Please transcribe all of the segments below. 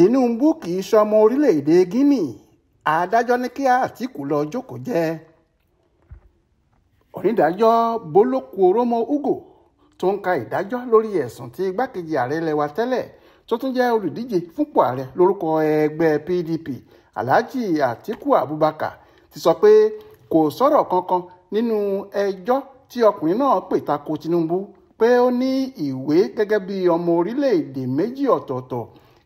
tinubu kì í sọmọ orílẹ̀-èdè guinea adájọ́ ní kí àtìkù lọ jókòó jẹ́ onídàájọ́ bolóku oromo ugo tó ń ka ìdájọ́ lórí ẹ̀sùn tí igbákejì ààrẹ lẹ́wà tẹ́lẹ̀ tó tún jẹ́ olùdíje fúnpò ààrẹ lórúkọ ẹgbẹ́ pdp alhaji atiku abubakar ti sọ pé kò sọ̀rọ̀ kankan nínú ẹjọ́ tí ọkùnrin náà pè tako tinubu pé ó ní ìwé gẹ́gẹ́ bí ọmọ orílẹ̀-èdè méjì ọ̀tọ̀ọ̀tọ̀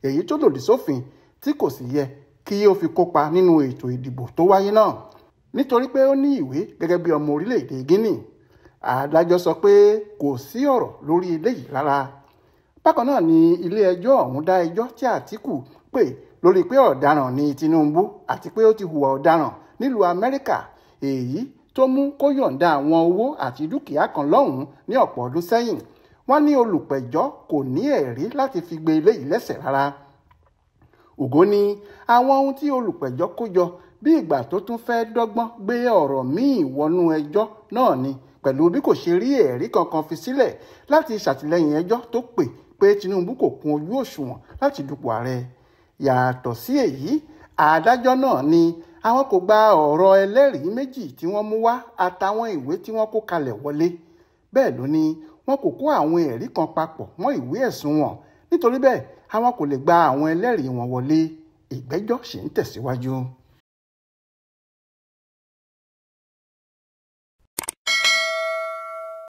èyí tó lòdì sófin tí kò sì yẹ kí ó fi kópa nínú ètò ìdìbò tó wáyé náà nítorí pé ó ní ìwé gẹ́gẹ́ bí ọmọ orílẹ̀-èdè Guinea adájọ́ sọ pé kò sí ọ̀rọ̀ lórí eléyìí rárá bákan náà ni ilé-ẹjọ́ ọ̀hún dá ẹjọ́ tí Àtíkù pè lórí pé ọ̀daràn ni Tinubu àti pé ó ti hùwà ọ̀daràn nílùú Amẹ́ríkà èyí tó mú kó yọ̀ǹda àwọn owó àti dúkìá kan lọ́hùn-ún ní ọ̀pọ̀ ọdún sẹ́yìn wọ́n ní olùpẹ̀jọ́ kò ní ẹ̀rí láti fi gbé eléyìí lẹ́sẹ̀ rárá ògo ni àwọn ohun tí olùpẹ̀jọ́ kó jọ bí ìgbà tó tún fẹ́ dọ́gbọ́n gbé ọ̀rọ̀ míì wọnú ẹjọ́ náà ni pẹ̀lú bí kò ṣe rí ẹ̀rí kankan fi sílẹ̀ láti ṣàtìlẹ́yìn ẹjọ́ tó pè pé Tinubu kò kún ojú òṣùwọ̀n láti dupò ààrẹ yàtọ̀ sí èyí adájọ́ náà ni àwọn kò gba ọ̀rọ̀ ẹlẹ́rìí méjì tí wọ́n mú wá àtàwọn ìwé tí wọ́n kó kalẹ̀ wọlé bẹ́ẹ̀ ló ní wọn kò kó àwọn ẹ̀rí kan papọ̀ mọ́ ìwé ẹ̀sùn wọn nítorí bẹ́ẹ̀ àwọn kò lè gba àwọn ẹlẹ́rìí wọn wọlé ìgbẹ́jọ́ sì ń tẹ̀síwájú.